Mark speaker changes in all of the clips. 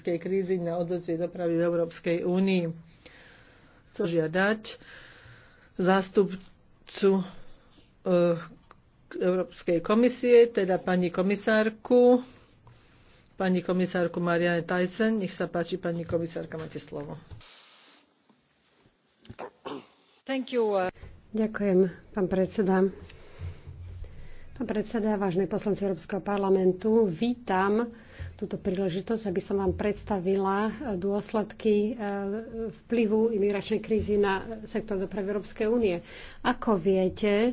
Speaker 1: energetickej krízy na odvetvie dopravy v Európskej únii. Chcem žiadať zástupcu eh, Európskej komisie, teda pani komisárku, pani komisárku Marianne Tyson. Nech sa páči, pani komisárka, máte slovo. Thank you. Uh, Ďakujem, pán predseda. Pán
Speaker 2: predseda, vážne poslanci Európskeho parlamentu, vítam túto príležitosť, aby som vám predstavila eh, dôsledky eh, vplyvu imigračnej krízy na sektor dopravy Európskej únie. Ako viete,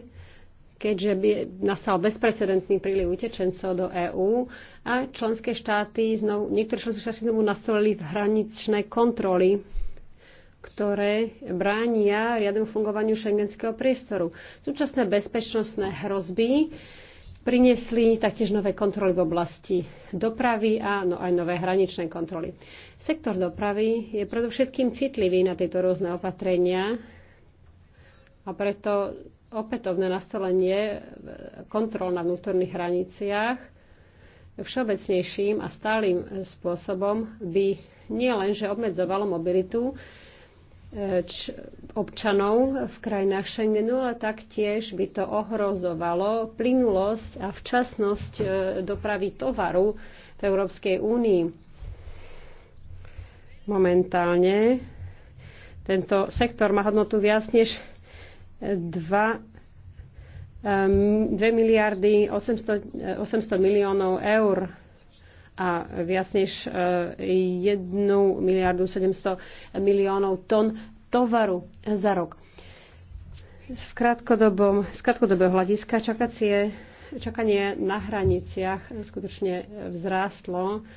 Speaker 2: keďže by nastal bezprecedentný príliv utečencov do EÚ a členské štáty znovu, niektoré členské štáty znovu nastolili v hraničné kontroly ktoré bránia riadnemu fungovaniu šengenského priestoru. Súčasné bezpečnostné hrozby Priniesli taktiež nové kontroly v oblasti dopravy a no, aj nové hraničné kontroly. Sektor dopravy je predovšetkým citlivý na tieto rôzne opatrenia a preto opätovné nastavenie kontrol na vnútorných hraniciach všeobecnejším a stálym spôsobom by nielenže obmedzovalo mobilitu občanov v krajinách Schengenu, ale taktiež by to ohrozovalo plynulosť a včasnosť e, dopravy tovaru v Európskej únii. Momentálne tento sektor má hodnotu viac než 2, 2 miliardy 800, 800 e, miliónov eur a viac než 1 e, miliardu 700 miliónov tón tovaru za rok. V krátkodobom, z krátkodobého hľadiska čakacie, čakanie na hraniciach skutočne vzrástlo,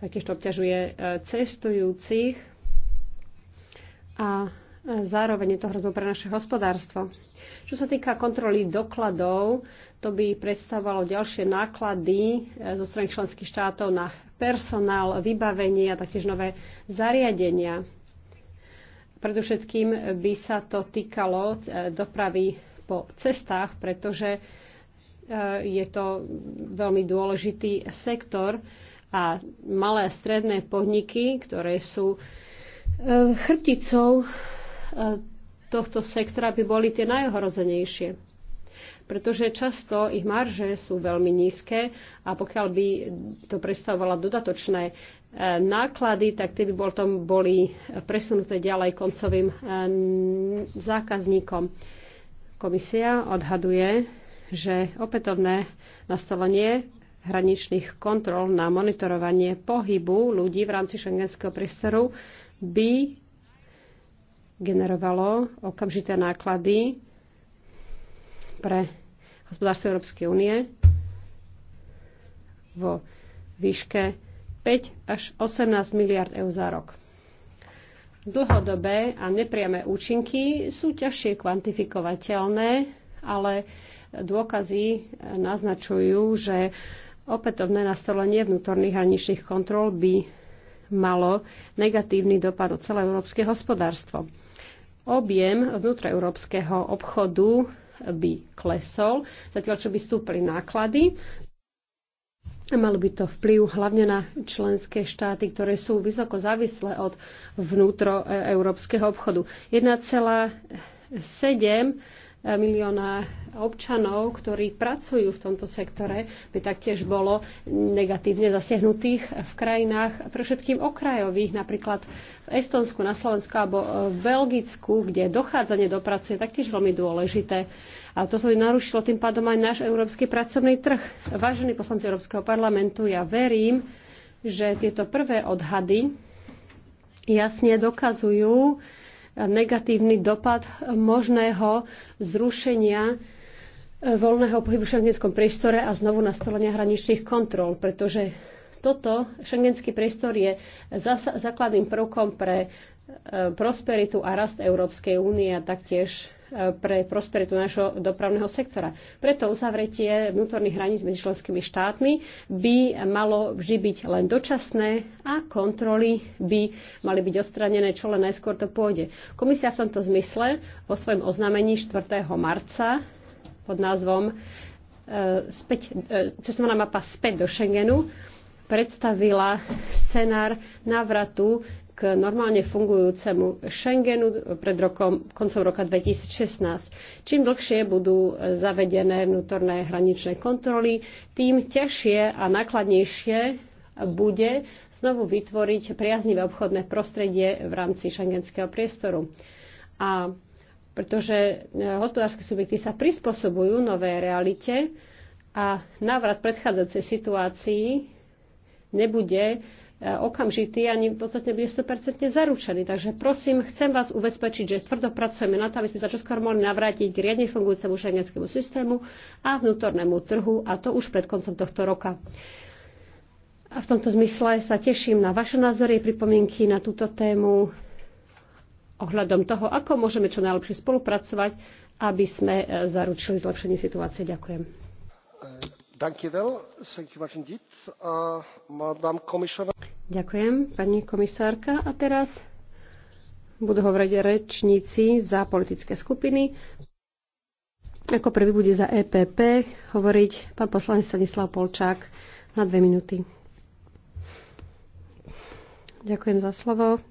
Speaker 2: takéž to obťažuje e, cestujúcich a zároveň je to hrozbou pre naše hospodárstvo. Čo sa týka kontroly dokladov, to by predstavovalo ďalšie náklady e, zo strany členských štátov na personál, vybavenie a taktiež nové zariadenia. Predovšetkým by sa to týkalo e, dopravy po cestách, pretože e, je to veľmi dôležitý sektor a malé a stredné podniky, ktoré sú chrbticou tohto sektora by boli tie najohrozenejšie. Pretože často ich marže sú veľmi nízke a pokiaľ by to predstavovala dodatočné e, náklady, tak tie by potom boli presunuté ďalej koncovým e, zákazníkom. Komisia odhaduje, že opätovné nastavenie hraničných kontrol na monitorovanie pohybu ľudí v rámci šengenského priestoru by generovalo okamžité náklady pre hospodárstvo Európskej únie vo výške 5 až 18 miliard eur za rok. Dlhodobé a nepriame účinky sú ťažšie kvantifikovateľné, ale dôkazy naznačujú, že opätovné nastolenie vnútorných hraničných kontrol by malo negatívny dopad o celé európske hospodárstvo. Objem vnútroeurópskeho obchodu by klesol, zatiaľ čo by stúpli náklady. Malo by to vplyv hlavne na členské štáty, ktoré sú vysoko závislé od vnútroeurópskeho obchodu. 1,7 E, milióna občanov, ktorí pracujú v tomto sektore, by taktiež bolo negatívne zasiahnutých v krajinách, pre všetkým okrajových, napríklad v Estonsku, na Slovensku alebo e, v Belgicku, kde dochádzanie do práce je taktiež veľmi dôležité. A toto by narušilo tým pádom aj náš európsky pracovný trh. Vážení poslanci Európskeho parlamentu, ja verím, že tieto prvé odhady jasne dokazujú, negatívny dopad možného zrušenia e, voľného pohybu v šengenskom priestore a znovu nastolenia hraničných kontrol, pretože toto šengenský priestor je základným prvkom pre e, prosperitu a rast Európskej únie a taktiež pre prosperitu nášho dopravného sektora. Preto uzavretie vnútorných hraníc medzi členskými štátmi by malo vždy byť len dočasné a kontroly by mali byť odstranené čo len najskôr to pôjde. Komisia v tomto zmysle vo svojom oznámení 4. marca pod názvom e, späť, e, cestovná mapa späť do Schengenu predstavila scenár návratu k normálne fungujúcemu Schengenu pred rokom, koncom roka 2016. Čím dlhšie budú zavedené vnútorné hraničné kontroly, tým ťažšie a nákladnejšie bude znovu vytvoriť priaznivé obchodné prostredie v rámci šengenského priestoru. A pretože e, hospodárske subjekty sa prispôsobujú novej realite a návrat predchádzajúcej situácii nebude Eh, okamžitý ani v podstate bude 100% zaručený. Takže prosím, chcem vás ubezpečiť, že tvrdo pracujeme na to, aby sme sa čoskoro mohli navrátiť k riadne fungujúcemu šengenskému systému a vnútornému trhu, a to už pred koncom tohto roka. A v tomto zmysle sa teším na vaše názory a pripomienky na túto tému ohľadom toho, ako môžeme čo najlepšie spolupracovať, aby sme eh, zaručili zlepšenie situácie. Ďakujem.
Speaker 1: Uh,
Speaker 2: Ďakujem, pani komisárka. A teraz budú hovoriť rečníci za politické skupiny. Ako prvý bude za EPP hovoriť pán poslanec Stanislav Polčák na dve minúty. Ďakujem za slovo.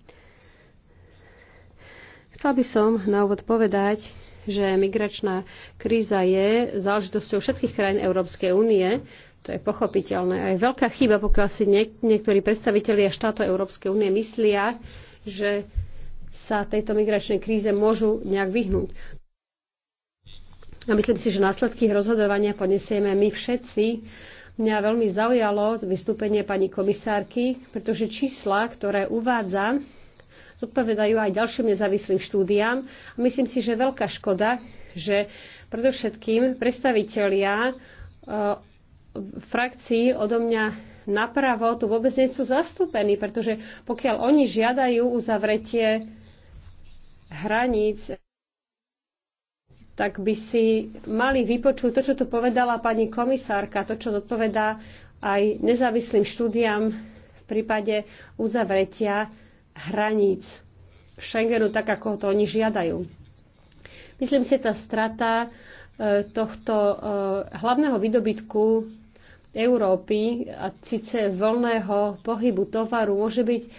Speaker 2: Chcel by som na úvod povedať, že migračná kríza je záležitosťou všetkých krajín Európskej únie. To je pochopiteľné. A je veľká chyba, pokiaľ si niek- niektorí predstavitelia štátov Európskej únie myslia, že sa tejto migračnej kríze môžu nejak vyhnúť. A myslím si, že následky rozhodovania ponesieme my všetci. Mňa veľmi zaujalo vystúpenie pani komisárky, pretože čísla, ktoré uvádza zodpovedajú aj ďalším nezávislým štúdiám. A myslím si, že je veľká škoda, že predovšetkým predstavitelia e, frakcií odo mňa napravo tu vôbec nie sú zastúpení, pretože pokiaľ oni žiadajú uzavretie hraníc, tak by si mali vypočuť to, čo tu povedala pani komisárka, to, čo zodpovedá aj nezávislým štúdiám v prípade uzavretia hraníc Schengenu tak, ako to oni žiadajú. Myslím si, že tá strata e, tohto e, hlavného vydobytku Európy, a síce voľného pohybu tovaru, môže byť e,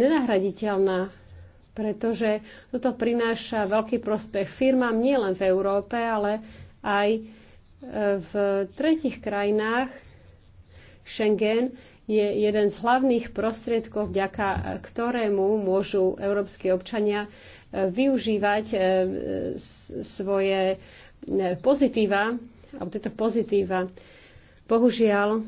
Speaker 2: nenahraditeľná, pretože toto prináša veľký prospech firmám nielen v Európe, ale aj v tretich krajinách Schengen je jeden z hlavných prostriedkov, vďaka ktorému môžu európsky občania e, využívať e, svoje e, pozitíva, alebo tieto pozitíva. Bohužiaľ,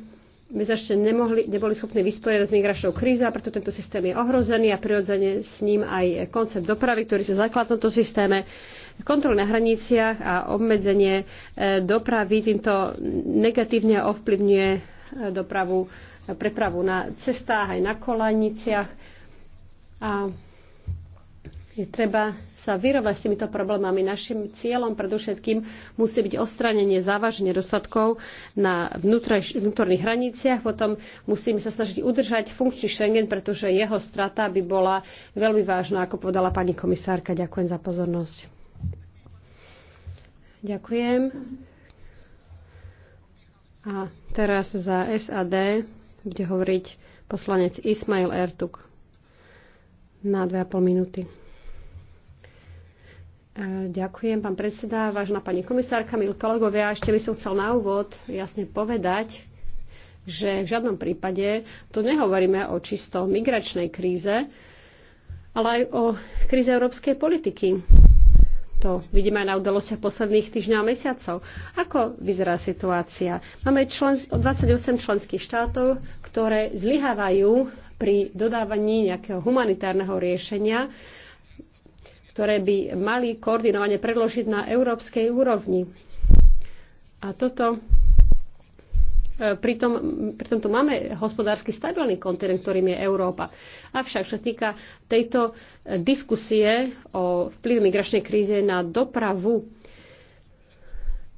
Speaker 2: my sa ešte nemohli, neboli schopní vysporiadať s migračnou krízou, preto tento systém je ohrozený a prirodzene s ním aj koncept dopravy, ktorý sa zaklad v tomto systéme, kontrol na hraniciach a obmedzenie dopravy týmto negatívne ovplyvňuje dopravu prepravu na cestách, aj na kolaniciach. A je treba sa vyrovnať s týmito problémami. Našim cieľom predovšetkým musí byť odstránenie závažne dosadkov na vnútorných hraniciach. Potom musíme sa snažiť udržať funkčný Schengen, pretože jeho strata by bola veľmi vážna, ako povedala pani komisárka. Ďakujem za pozornosť. Ďakujem. A teraz za SAD bude hovoriť poslanec Ismail Ertuk na 2,5 minúty. E, ďakujem, pán predseda, vážna pani komisárka, milí kolegovia. Ešte by som chcel na úvod jasne povedať, že v žiadnom prípade tu nehovoríme o čisto migračnej kríze, ale aj o kríze európskej politiky. To vidíme aj na udalostiach posledných týždňov a mesiacov. Ako vyzerá situácia? Máme člen, 28 členských štátov, ktoré zlyhávajú pri dodávaní nejakého humanitárneho riešenia, ktoré by mali koordinovane predložiť na európskej úrovni. A toto E, pritom, pritom tu máme hospodársky stabilný kontinent, ktorým je Európa. Avšak, čo týka tejto e, diskusie o vplyv migračnej kríze na dopravu,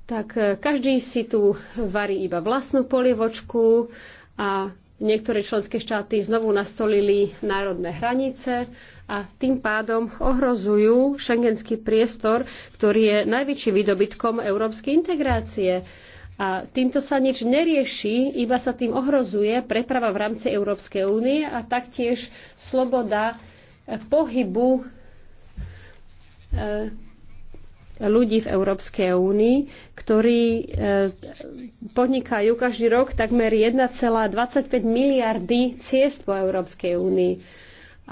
Speaker 2: tak e, každý si tu varí iba vlastnú polievočku a niektoré členské štáty znovu nastolili národné hranice a tým pádom ohrozujú šengenský priestor, ktorý je najväčším výdobytkom európskej integrácie. A týmto sa nič nerieši, iba sa tým ohrozuje preprava v rámci Európskej únie a taktiež sloboda e, pohybu e, ľudí v Európskej únii, ktorí e, podnikajú každý rok takmer 1,25 miliardy ciest po Európskej únii.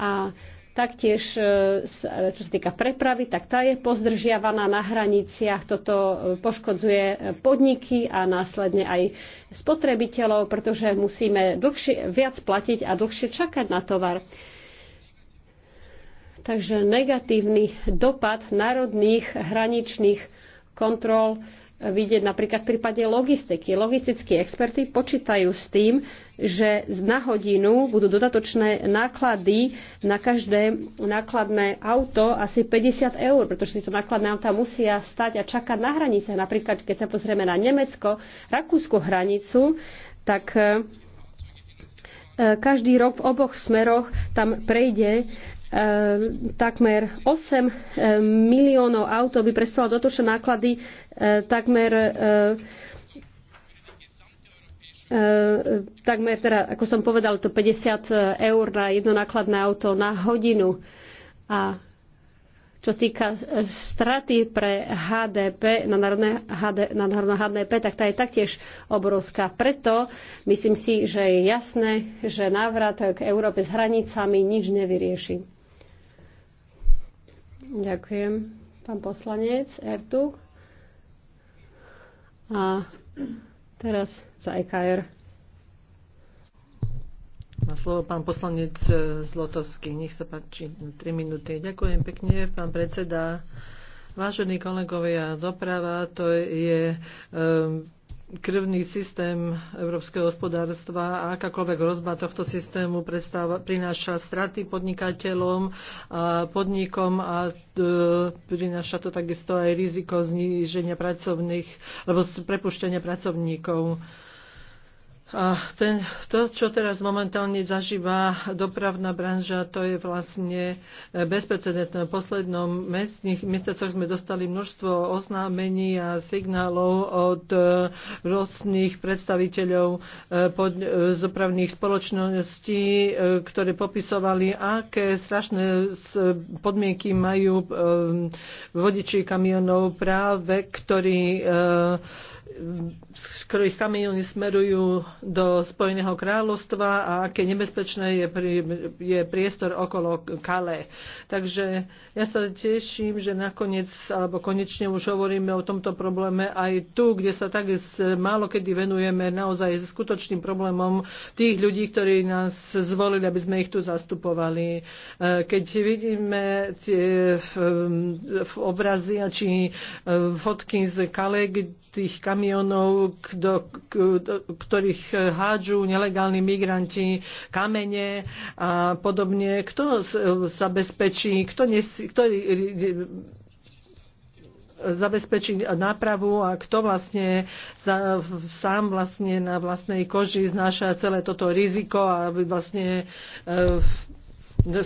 Speaker 2: A Taktiež, e, e, čo sa týka prepravy, tak tá je pozdržiavaná na hraniciach. Toto e, poškodzuje podniky a následne aj spotrebiteľov, pretože musíme dlhšie, viac platiť a dlhšie čakať na tovar. Takže negatívny dopad národných hraničných kontrol vidieť napríklad v prípade logistiky. Logistickí experti počítajú s tým, že na hodinu budú dodatočné náklady na každé nákladné auto asi 50 eur, pretože tieto nákladné auta musia stať a čakať na hranice. Napríklad, keď sa pozrieme na Nemecko, Rakúsku hranicu, tak e, e, každý rok v oboch smeroch tam prejde Ehm, takmer 8 ehm, miliónov aut by prestalo dotočné náklady ehm, takmer takmer, teda, ako som povedal, to 50 eh, eur na jedno nákladné auto na hodinu. A čo týka eh, straty pre HDP, na národné, HD, na národné HDP, tak tá je taktiež obrovská. Preto myslím si, že je jasné, že návrat k Európe s hranicami nič nevyrieši. Ďakujem, pán poslanec
Speaker 1: Ertuk. A teraz za EKR. Má slovo pán poslanec e, Zlotovský. Nech sa páči, 3 minúty. Ďakujem pekne, pán predseda. Vážení kolegovia, doprava to je um, krvný systém európskeho hospodárstva a akákoľvek hrozba tohto systému prináša straty podnikateľom a podnikom a e, prináša to takisto aj riziko zníženia pracovných, alebo prepušťania pracovníkov. A ten, to, čo teraz momentálne zažíva dopravná branža, to je vlastne e, bezprecedentné. V poslednom mesiacoch sme dostali množstvo oznámení a signálov od e, rôznych predstaviteľov e, pod, z dopravných spoločností, ktoré popisovali, aké strašné podmienky majú vodiči kamionov práve, ktorí z ktorých kamiony smerujú do Spojeného kráľovstva a aké nebezpečné je, je priestor okolo Kale. Takže ja sa teším, že nakoniec, alebo konečne už hovoríme o tomto probléme aj tu, kde sa tak málo kedy venujeme naozaj skutočným problémom tých ľudí, ktorí nás zvolili, aby sme ich tu zastupovali. E, keď vidíme tie obrazy či e, fotky z Kale, tých kamionov, do, do ktorých eh, hádžu nelegálni migranti kamene a podobne. Kto zabezpečí, kto, nes, kto eh, zabezpečí nápravu a kto vlastne za, sám vlastne na vlastnej koži znáša celé toto riziko a vlastne e,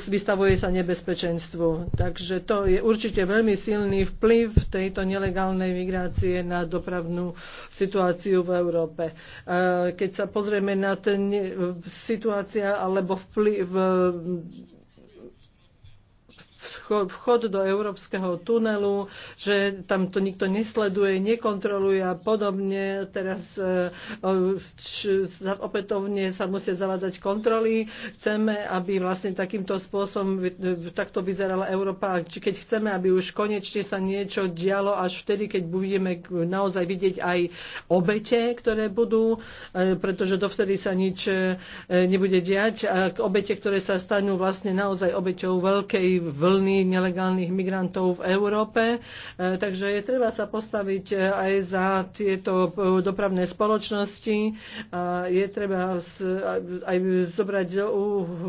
Speaker 1: vystavuje sa nebezpečenstvu. Takže to je určite veľmi silný vplyv tejto nelegálnej migrácie na dopravnú situáciu v Európe. E, keď sa pozrieme na ten situácia alebo vplyv e, vchod do európskeho tunelu, že tam to nikto nesleduje, nekontroluje a podobne. Teraz e, opätovne sa musia zavádzať kontroly. Chceme, aby vlastne takýmto spôsobom e, takto vyzerala Európa. Či keď chceme, aby už konečne sa niečo dialo až vtedy, keď budeme naozaj vidieť aj obete, ktoré budú, e, pretože dovtedy sa nič nebude diať. A obete, ktoré sa stanú vlastne naozaj obeťou veľkej vlny nelegálnych migrantov v Európe. E, takže je treba sa postaviť e, aj za tieto e, dopravné spoločnosti. Je treba aj zobrať do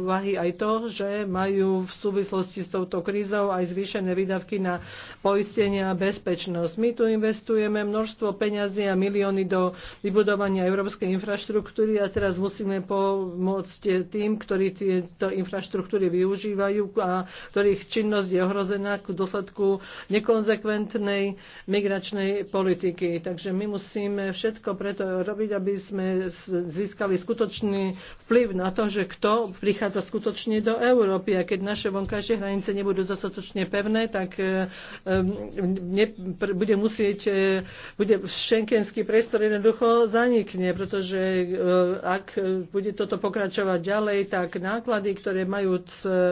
Speaker 1: úvahy aj to, že majú v súvislosti s touto krízou aj zvýšené výdavky na poistenie a bezpečnosť. My tu investujeme množstvo peňazí a milióny do vybudovania európskej infraštruktúry a teraz musíme pomôcť tým, ktorí tieto infraštruktúry využívajú a ktorých činnosť bezpečnosť je ohrozená k dôsledku nekonzekventnej migračnej politiky. Takže my musíme všetko preto robiť, aby sme získali skutočný vplyv na to, že kto prichádza skutočne do Európy. A keď naše vonkajšie hranice nebudú dostatočne pevné, tak e, ne, bude musieť, e, bude šenkenský priestor jednoducho zanikne, pretože e, ak bude toto pokračovať ďalej, tak náklady, ktoré majú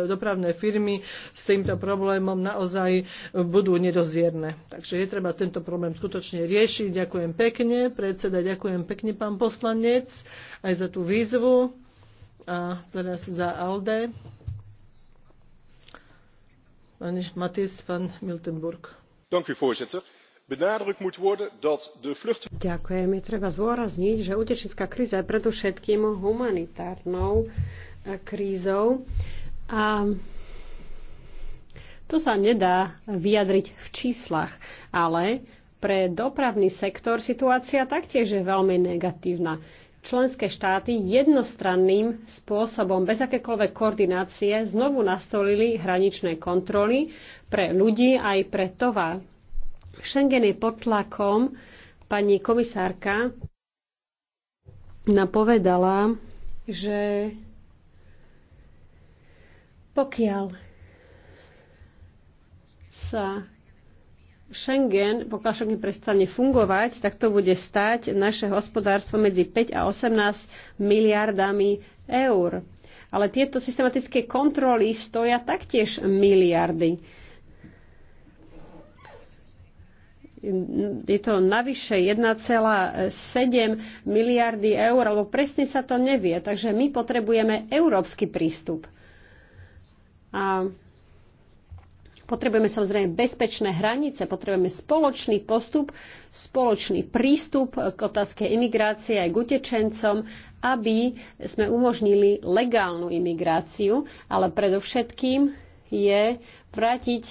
Speaker 1: dopravné firmy s týmto problémom naozaj budú nedozierne. Takže je treba tento problém skutočne riešiť. Ďakujem pekne, predseda, ďakujem pekne, pán poslanec, aj za tú výzvu a teraz za Alde. Matis van Miltenburg.
Speaker 2: voorzitter benadrukt moet worden dat de
Speaker 1: Ďakujem. Je treba zôrazniť, že utečenská
Speaker 2: kríza je predovšetkým humanitárnou eh, krízou. A to sa nedá vyjadriť v číslach, ale pre dopravný sektor situácia taktiež je veľmi negatívna. Členské štáty jednostranným spôsobom, bez akékoľvek koordinácie, znovu nastolili hraničné kontroly pre ľudí aj pre tovar. Schengen je pod tlakom. Pani komisárka napovedala, že pokiaľ sa Schengen, pokiaľ Schengen prestane fungovať, tak to bude stať naše hospodárstvo medzi 5 a 18 miliardami eur. Ale tieto systematické kontroly stoja taktiež miliardy. Je to navyše 1,7 miliardy eur, alebo presne sa to nevie. Takže my potrebujeme európsky prístup. A Potrebujeme samozrejme bezpečné hranice, potrebujeme spoločný postup, spoločný prístup k otázke imigrácie aj k utečencom, aby sme umožnili legálnu imigráciu, ale predovšetkým je vrátiť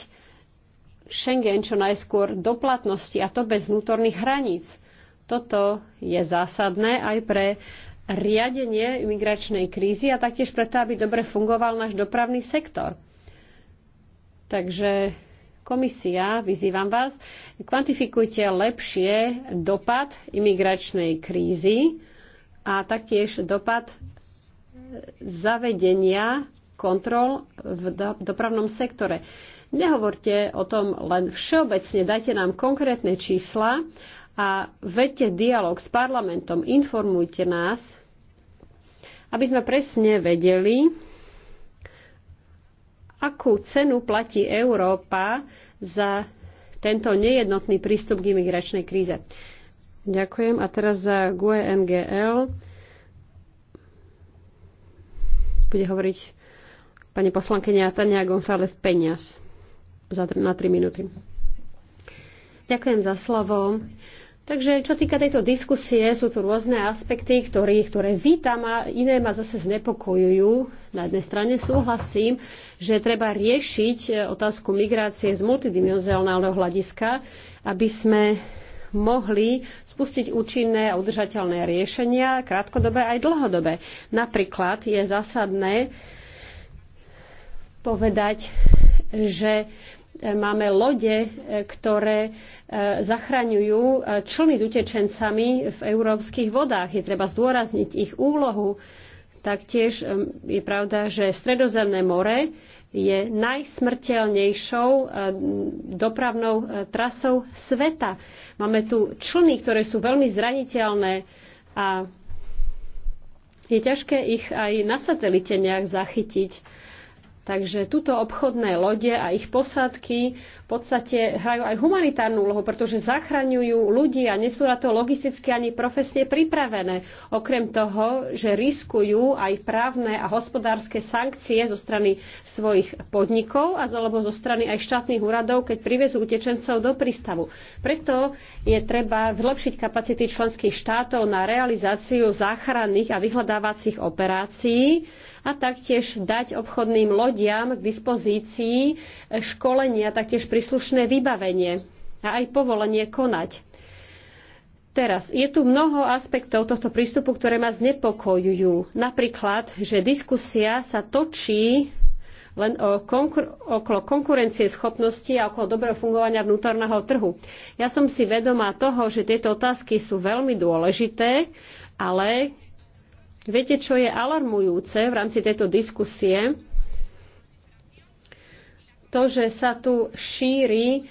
Speaker 2: Schengen čo najskôr do platnosti a to bez vnútorných hraníc. Toto je zásadné aj pre riadenie imigračnej krízy a taktiež preto, aby dobre fungoval náš dopravný sektor. Takže komisia, vyzývam vás, kvantifikujte lepšie dopad imigračnej krízy a taktiež dopad e, zavedenia kontrol v dopravnom sektore. Nehovorte o tom len všeobecne, dajte nám konkrétne čísla a vedte dialog s parlamentom, informujte nás, aby sme presne vedeli, akú cenu platí Európa za tento nejednotný prístup k imigračnej kríze. Ďakujem. A teraz za GUE NGL bude hovoriť pani poslankyňa Tania González Peňas na 3 minúty. Ďakujem za slovo. Takže čo týka tejto diskusie, sú tu rôzne aspekty, ktoré, ktoré vítam a iné ma zase znepokojujú. Na jednej strane súhlasím, že treba riešiť otázku migrácie z multidimenzionálneho hľadiska, aby sme mohli spustiť účinné a udržateľné riešenia, krátkodobé aj dlhodobé. Napríklad je zásadné povedať, že E, máme lode, e, ktoré e, zachraňujú člny s utečencami v európskych vodách. Je treba zdôrazniť ich úlohu. Taktiež je pravda, že Stredozemné more je najsmrteľnejšou dopravnou trasou sveta. Máme tu člny, ktoré sú veľmi zraniteľné a je ťažké ich aj na satelite nejak zachytiť. Takže tuto obchodné lode a ich posádky v podstate hrajú aj humanitárnu úlohu, pretože zachraňujú ľudí a nie sú na to logisticky ani profesne pripravené. Okrem toho, že riskujú aj právne a hospodárske sankcie zo strany svojich podnikov a alebo zo strany aj štátnych úradov, keď privezú utečencov do prístavu. Preto je treba vylepšiť kapacity členských štátov na realizáciu záchranných a vyhľadávacích operácií a taktiež dať obchodným lodiam k dispozícii školenia, taktiež príslušné vybavenie a aj povolenie konať. Teraz, je tu mnoho aspektov tohto prístupu, ktoré ma znepokojujú. Napríklad, že diskusia sa točí len o konkur- okolo konkurencie schopnosti a okolo dobrého fungovania vnútorného trhu. Ja som si vedomá toho, že tieto otázky sú veľmi dôležité, ale Viete, čo je alarmujúce v rámci tejto diskusie? To, že sa tu šíri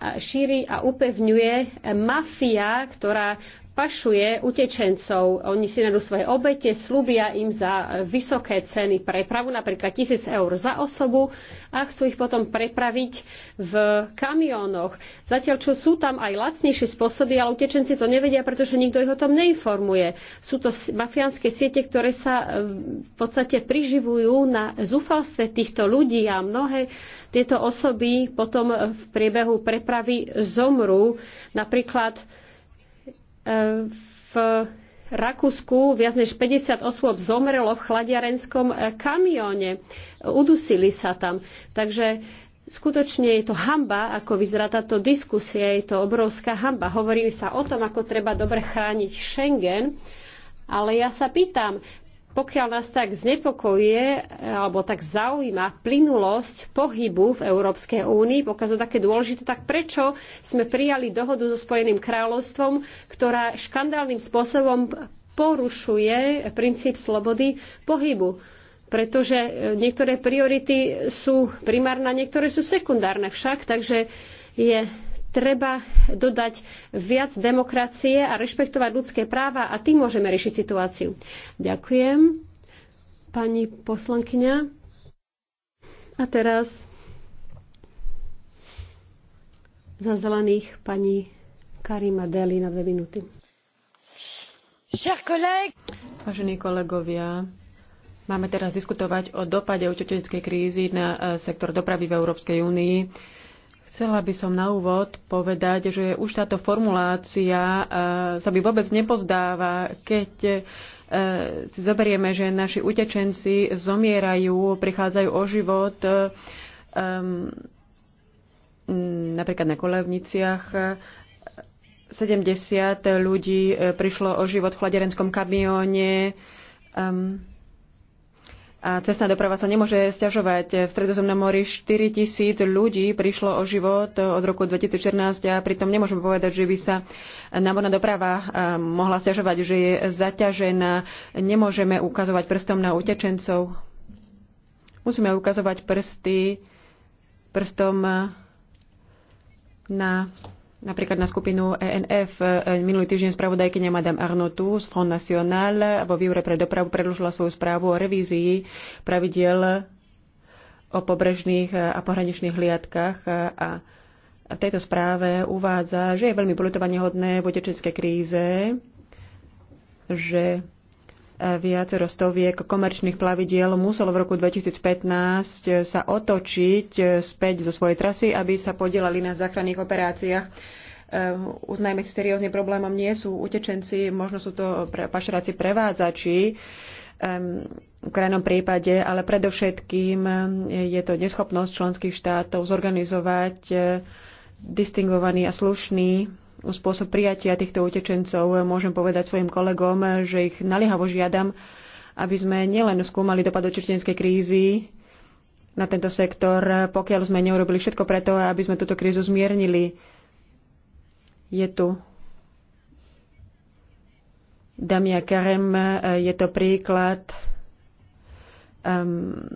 Speaker 2: šíri a upevňuje mafia, ktorá pašuje utečencov. Oni si nájdú svoje obete, slúbia im za vysoké ceny prepravu, napríklad 1000 eur za osobu a chcú ich potom prepraviť v kamiónoch. Zatiaľ, čo sú tam aj lacnejšie spôsoby, ale utečenci to nevedia, pretože nikto ich o tom neinformuje. Sú to mafiánske siete, ktoré sa e, v podstate priživujú na zúfalstve týchto ľudí a mnohé tieto osoby potom v priebehu prepravy zomrú. Napríklad E, v Rakúsku viac než 50 osôb zomrelo v chladiarenskom e, kamióne. Udusili sa tam. Takže skutočne je to hamba, ako vyzerá táto diskusia. Je to obrovská hamba. Hovorí sa o tom, ako treba dobre chrániť Schengen. Ale ja sa pýtam, pokiaľ nás tak znepokojuje e, alebo tak zaujíma plynulosť pohybu v Európskej únii, pokiaľ to také dôležité, tak prečo sme prijali dohodu so Spojeným kráľovstvom, ktorá škandálnym spôsobom porušuje princíp slobody pohybu? pretože e, niektoré priority sú primárne, niektoré sú sekundárne však, takže je treba dodať viac demokracie a rešpektovať ľudské práva a tým môžeme riešiť situáciu. Ďakujem, pani poslankyňa. A teraz za zelených pani Karima Deli na dve minúty.
Speaker 3: Vážení kolegovia, máme teraz diskutovať o dopade utečenskej krízy na eh, sektor dopravy v Európskej únii. Chcela by som na úvod povedať, že už táto formulácia eh, sa by vôbec nepozdáva, keď eh, si zoberieme, že naši utečenci zomierajú, prichádzajú o život um, napríklad na kolevniciach. 70 ľudí eh, prišlo o život v chladerenskom kamióne. Um, a cestná doprava sa nemôže stiažovať. V Stredozemnom mori 4 tisíc ľudí prišlo o život od roku 2014 a pritom nemôžeme povedať, že by sa námorná doprava mohla stiažovať, že je zaťažená. Nemôžeme ukazovať prstom na utečencov. Musíme ukazovať prsty prstom na napríklad na skupinu ENF. E, minulý týždeň spravodajkynia Madame Arnotu z Front National vo výure pre dopravu predložila svoju správu o revízii pravidiel o pobrežných a pohraničných hliadkách a v tejto správe uvádza, že je veľmi politovanehodné v utečenskej kríze, že viacero stoviek komerčných plavidiel muselo v roku 2015 sa otočiť späť zo svojej trasy, aby sa podielali na záchranných operáciách. Ehm, uznajme si, seriózne problémom nie sú utečenci, možno sú to pašeráci prevádzači, ehm, v krajnom prípade, ale predovšetkým ehm, je to neschopnosť členských štátov zorganizovať distingovaný a slušný spôsob prijatia týchto utečencov. Môžem povedať svojim kolegom, že ich naliehavo žiadam, aby sme nielen skúmali dopad čečenskej krízy na tento sektor, pokiaľ sme neurobili všetko preto, aby sme túto krízu zmiernili. Je tu Damia Karem, je to príklad um,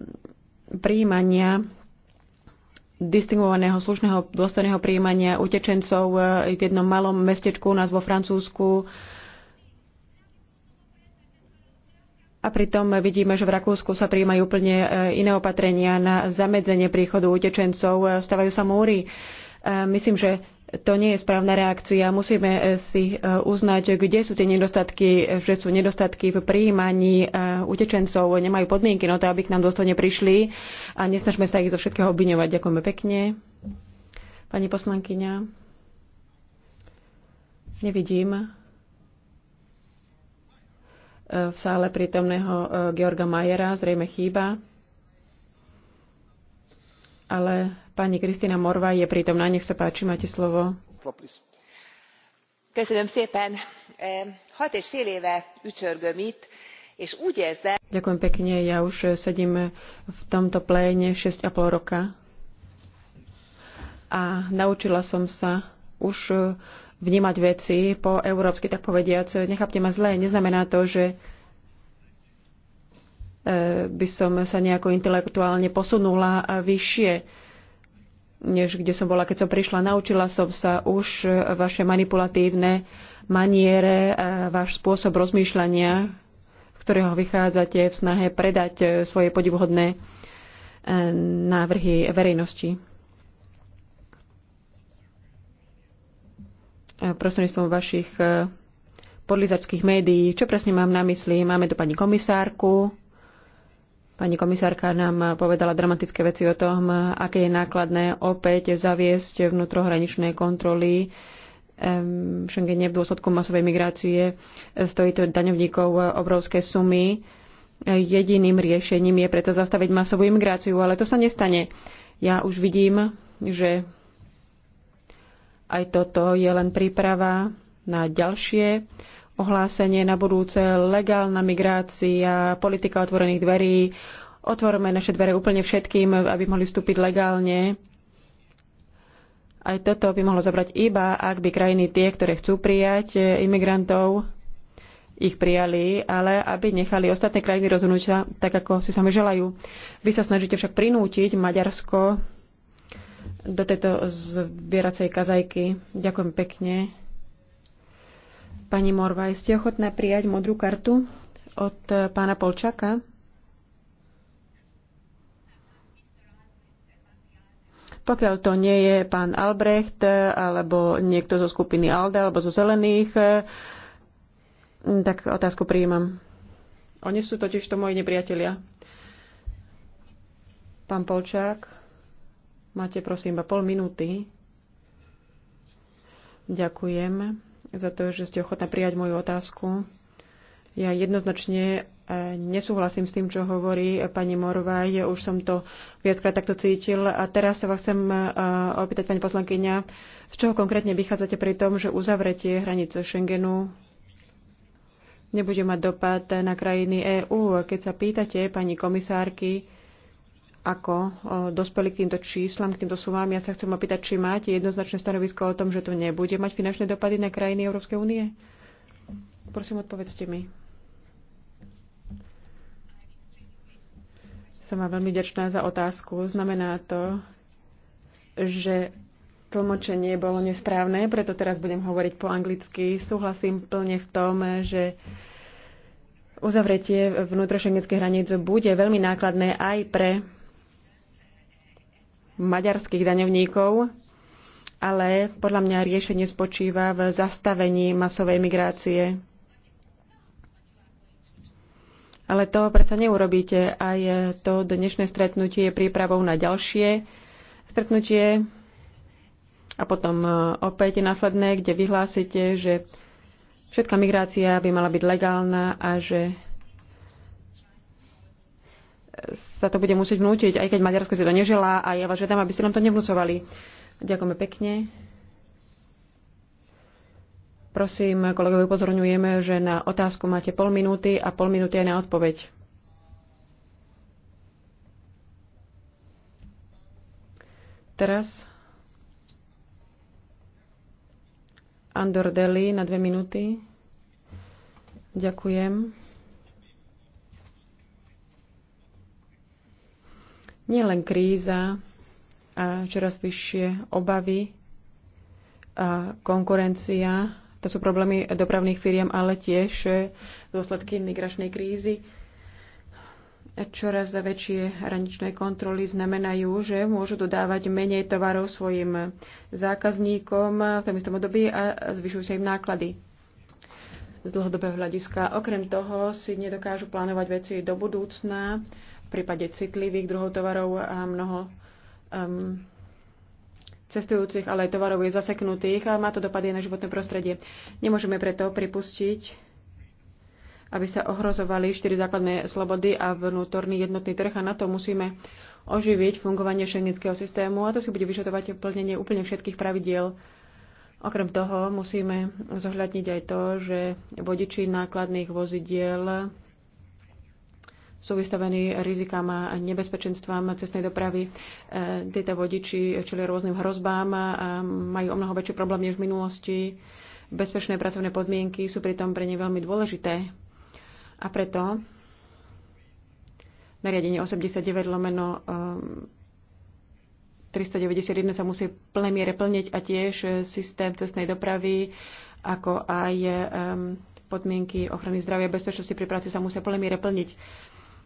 Speaker 3: príjmania distingovaného, slušného, dôstojného príjmania utečencov eh, v jednom malom mestečku u nás vo Francúzsku. A pritom vidíme, že v Rakúsku sa príjmajú úplne eh, iné opatrenia na zamedzenie príchodu utečencov, eh, stavajú sa múry. Myslím, že to nie je správna reakcia. Musíme e, si e, uznať, kde sú tie nedostatky, že sú nedostatky v prijímaní e, utečencov, nemajú podmienky na no to, aby k nám dôstojne prišli a nesnažme sa ich zo všetkého obviňovať. Ďakujeme pekne. Pani poslankyňa, nevidím v sále prítomného Georga Majera, zrejme chýba, ale Pani Kristina Morva je prítomná. Nech sa páči, máte slovo.
Speaker 2: Köszönöm szépen. Hat és fél éve ücsörgöm
Speaker 3: itt, és úgy érzem... Ďakujem pekne, ja už eh, sedím eh, v tomto pléne 6,5 roka a naučila som sa už eh, vnímať veci po európsky, tak povediac. Nechápte ma zle, neznamená to, že by som sa nejako intelektuálne posunula vyššie než kde som bola, keď som prišla. Naučila som sa už e, vaše manipulatívne maniere, váš spôsob rozmýšľania, z ktorého vychádzate v snahe predať e, svoje podivhodné e, návrhy verejnosti. Prostredníctvom vašich podlizačských médií. Čo presne mám na mysli? Máme tu pani komisárku, Pani komisárka nám povedala dramatické veci o tom, aké je nákladné opäť zaviesť vnútrohraničné kontroly v Schengene v dôsledku masovej migrácie. Stojí to daňovníkov obrovské sumy. Jediným riešením je preto zastaviť masovú imigráciu, ale to sa nestane. Ja už vidím, že aj toto je len príprava na ďalšie ohlásenie na budúce, legálna migrácia, politika otvorených dverí. Otvorme naše dvere úplne všetkým, aby mohli vstúpiť legálne. Aj toto by mohlo zabrať iba, ak by krajiny tie, ktoré chcú prijať e, imigrantov, ich prijali, ale aby nechali ostatné krajiny rozhodnúť sa tak, ako si sami želajú. Vy sa snažíte však prinútiť Maďarsko do tejto zvieracej kazajky. Ďakujem pekne. Pani Morvaj, ste ochotná prijať modrú kartu od e, pána Polčaka? Pokiaľ to nie je pán Albrecht e, alebo niekto zo skupiny ALDE alebo zo Zelených, e, tak otázku prijímam. Oni sú totiž to moji nepriatelia. Pán Polčák, máte prosím iba pol minúty. Ďakujem za to, že ste ochotná prijať moju otázku. Ja jednoznačne e, nesúhlasím s tým, čo hovorí pani Ja Už som to viackrát takto cítil. A teraz sa vás chcem e, opýtať, pani poslankyňa, z čoho konkrétne vychádzate pri tom, že uzavretie hranice Schengenu nebude mať dopad na krajiny EÚ. Keď sa pýtate pani komisárky, ako e, dospeli k týmto číslam, k týmto sumám. Ja sa chcem opýtať, či máte jednoznačné stanovisko o tom, že to nebude mať finančné dopady na krajiny Európskej únie? Prosím, odpovedzte mi. Som vám veľmi ďačná za otázku. Znamená to, že tlmočenie bolo nesprávne, preto teraz budem hovoriť po anglicky. Súhlasím plne v tom, že uzavretie vnútrošengenských hraníc bude veľmi nákladné aj pre maďarských daňovníkov, ale podľa mňa riešenie spočíva v zastavení masovej migrácie. Ale to predsa neurobíte. Aj to dnešné stretnutie je prípravou na ďalšie stretnutie a potom e, opäť následné, kde vyhlásite, že všetká migrácia by mala byť legálna a že sa to bude musieť vnútiť, aj keď Maďarsko si to neželá a ja vás žiadam, aby ste nám to nevnúcovali. Ďakujeme pekne. Prosím, kolegovi upozorňujeme, že na otázku máte pol minúty a pol minúty aj na odpoveď. Teraz Andor Deli na dve minúty. Ďakujem. nielen kríza a čoraz vyššie obavy a konkurencia, to sú problémy dopravných firiem, ale tiež dôsledky migračnej krízy. Čoraz väčšie hraničné kontroly znamenajú, že môžu dodávať menej tovarov svojim zákazníkom v tom istom období a zvyšujú sa im náklady z dlhodobého hľadiska. Okrem toho si nedokážu plánovať veci do budúcna prípade citlivých druhov tovarov a mnoho um, cestujúcich, ale aj tovarov je zaseknutých a má to dopady na životné prostredie. Nemôžeme preto pripustiť, aby sa ohrozovali štyri základné slobody a vnútorný jednotný trh a na to musíme oživiť fungovanie šengenského systému a to si bude vyžadovať plnenie úplne všetkých pravidiel. Okrem toho musíme zohľadniť aj to, že vodiči nákladných vozidiel sú vystavení rizikám a nebezpečenstvám cestnej dopravy. E, Tieto vodiči čelia rôznym hrozbám a majú o mnoho väčší problém než v minulosti. Bezpečné pracovné podmienky sú pritom pre ne veľmi dôležité. A preto nariadenie 89 lomeno 391 e, sa musí plné miere plniť a tiež systém cestnej dopravy, ako aj e, podmienky ochrany zdravia a bezpečnosti pri práci sa musia plné miere plniť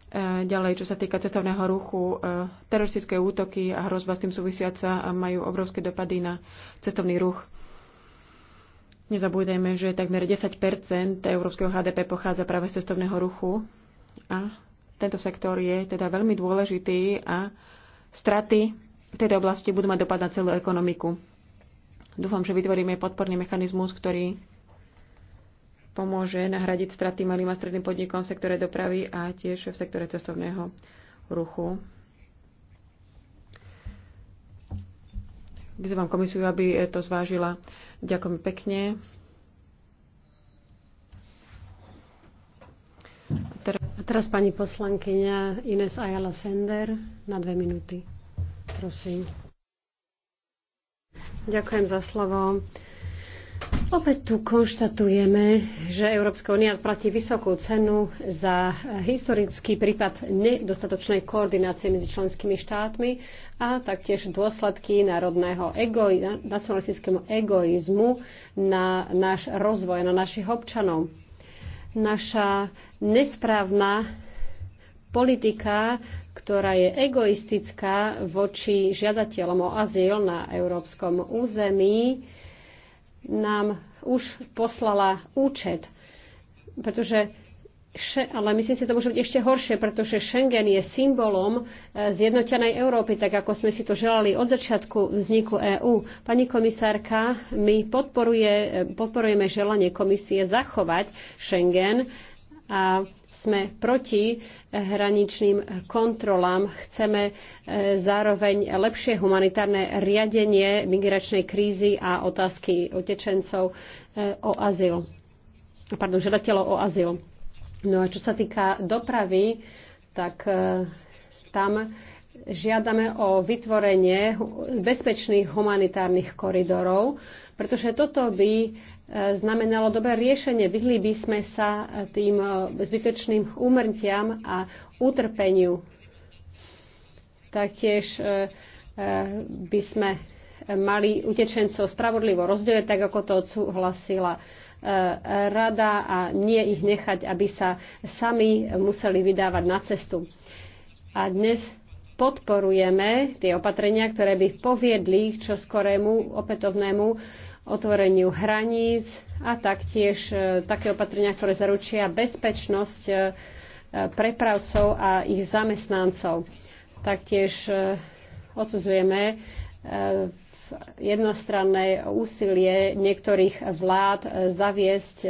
Speaker 3: E, ďalej, čo sa týka cestovného ruchu, e, teroristické útoky a hrozba s tým súvisiaca majú obrovské dopady na cestovný ruch. Nezabúdajme, že takmer 10 európskeho HDP pochádza práve z cestovného ruchu a tento sektor je teda veľmi dôležitý a straty v tejto oblasti budú mať dopad na celú ekonomiku. Dúfam, že vytvoríme podporný mechanizmus, ktorý pomôže nahradiť straty malým a stredným podnikom v sektore dopravy a tiež v sektore cestovného ruchu. Vyzývam komisiu, aby to zvážila. Ďakujem pekne.
Speaker 2: Teraz, teraz pani poslankyňa Ines Ayala Sender na dve minúty. Prosím. Ďakujem za slovo. Opäť tu konštatujeme, že Európska únia platí vysokú cenu za historický prípad nedostatočnej koordinácie medzi členskými štátmi a taktiež dôsledky národného egoi, nacionalistického egoizmu na náš rozvoj, na našich občanov. Naša nesprávna politika, ktorá je egoistická voči žiadateľom o azyl na európskom území, nám už poslala účet, pretože ale myslím si, že to môže byť ešte horšie, pretože Schengen je symbolom e, zjednotenej Európy, tak ako sme si to želali od začiatku vzniku EÚ. Pani komisárka, my podporuje, e, podporujeme želanie komisie zachovať Schengen a sme proti eh, hraničným kontrolám. Chceme eh, zároveň lepšie humanitárne riadenie migračnej krízy a otázky utečencov eh, o azyl. Pardon, žiadateľov o azyl. No a čo sa týka dopravy, tak tam žiadame o vytvorenie bezpečných humanitárnych koridorov, pretože toto by znamenalo dobré riešenie. Vyhli by sme sa tým e, zbytočným úmrtiam a utrpeniu. Taktiež e, e, by sme mali utečencov spravodlivo rozdeliť, tak ako to odsúhlasila rada a nie ich nechať, aby sa sami museli vydávať na cestu. A dnes podporujeme tie opatrenia, ktoré by poviedli k čoskorému opätovnému otvoreniu hraníc a taktiež e, také opatrenia, ktoré zaručia bezpečnosť e, prepravcov a ich zamestnancov. Taktiež e, odsudzujeme jednostranné úsilie niektorých vlád zaviesť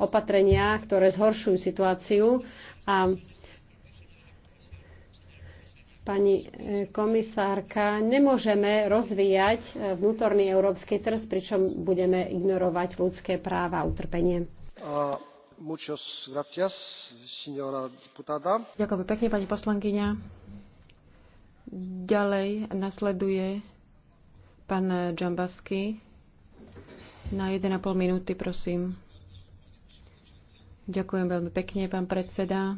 Speaker 2: opatrenia, ktoré zhoršujú situáciu a pani e, komisárka, nemôžeme rozvíjať e, vnútorný európsky trh, pričom budeme ignorovať ľudské práva a utrpenie.
Speaker 3: Ďakujem pekne, pani poslankyňa. Ďalej nasleduje pán Džambasky. Na 1,5 minúty, prosím. Ďakujem veľmi pekne, pán predseda,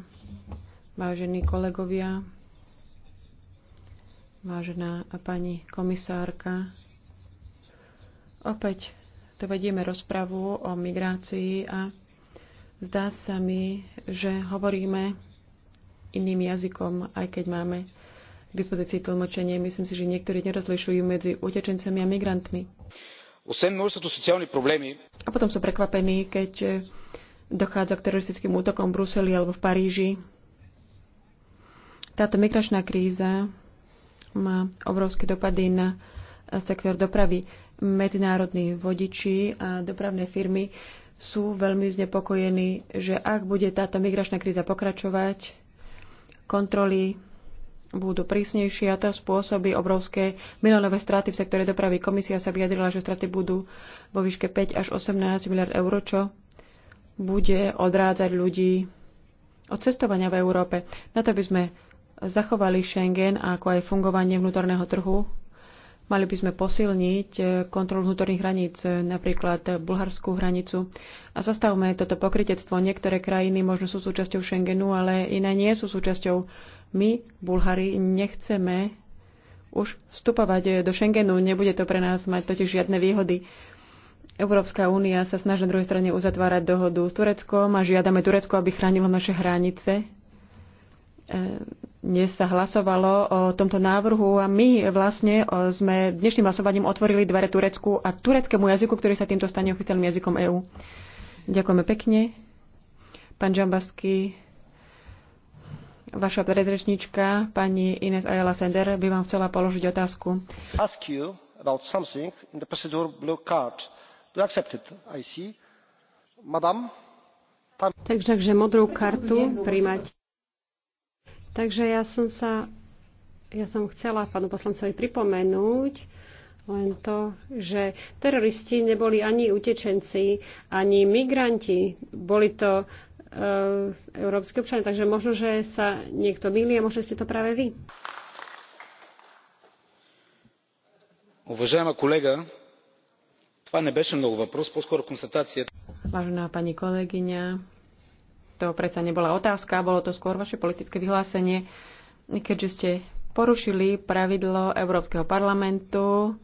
Speaker 3: vážení kolegovia vážená pani komisárka. Opäť to vedieme rozpravu o migrácii a zdá sa mi, že hovoríme iným jazykom, aj keď máme k dispozícii tlmočenie. Myslím si, že niektorí nerozlišujú medzi utečencami a migrantmi. A potom sú prekvapení, keď dochádza k teroristickým útokom v Bruseli alebo v Paríži. Táto migračná kríza má obrovské dopady na sektor dopravy. Medzinárodní vodiči a dopravné firmy sú veľmi znepokojení, že ak bude táto migračná kríza pokračovať, kontroly budú prísnejšie a to spôsobí obrovské milionové straty v sektore dopravy. Komisia sa vyjadrila, že straty budú vo výške 5 až 18 miliard eur, čo bude odrádzať ľudí od cestovania v Európe. Na to by sme zachovali Schengen ako aj fungovanie vnútorného trhu. Mali by sme posilniť eh, kontrolu vnútorných hraníc, napríklad bulharskú hranicu. A zastavme toto pokritectvo. Niektoré krajiny možno sú súčasťou Schengenu, ale iné nie sú súčasťou. My, Bulhari, nechceme už vstupovať do Schengenu. Nebude to pre nás mať totiž žiadne výhody. Európska únia sa snaží na druhej strane uzatvárať dohodu s Tureckom a žiadame Turecko, aby chránilo naše hranice. Eh, dnes sa hlasovalo o tomto návrhu a my vlastne sme dnešným hlasovaním otvorili dvere Turecku a tureckému jazyku, ktorý sa týmto stane oficiálnym jazykom EÚ. Ďakujeme pekne. Pán Žambasky, vaša predrečníčka, pani Ines Ayala Sender, by vám chcela položiť otázku.
Speaker 1: Ask you about something in the procedure blue card. Do you accept it? I see. Madam?
Speaker 3: Tam... Takže, takže modrú kartu
Speaker 1: príjmať.
Speaker 2: Takže ja som sa, ja som chcela pánu poslancovi pripomenúť len to, že teroristi neboli ani utečenci, ani migranti. Boli to e, európske občania, takže možno, že sa niekto milí a možno ste to práve vy.
Speaker 1: Uvažujem kolega, това не беше
Speaker 3: to predsa nebola otázka, bolo to skôr vaše politické vyhlásenie, keďže ste porušili pravidlo Európskeho parlamentu.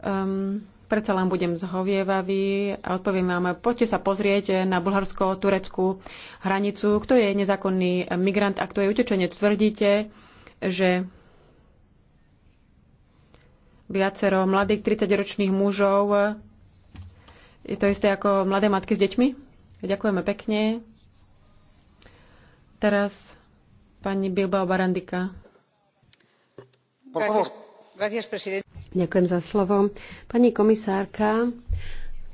Speaker 3: Um, predsa len budem zhovievavý a odpoviem vám, poďte sa pozrieť na bulharsko-tureckú hranicu. Kto je nezákonný migrant a kto je utečenec? Tvrdíte, že viacero mladých 30-ročných mužov je to isté ako mladé matky s deťmi? Ďakujeme pekne. Teraz pani Bilbao Barandika. Ďakujem za slovo. Pani komisárka,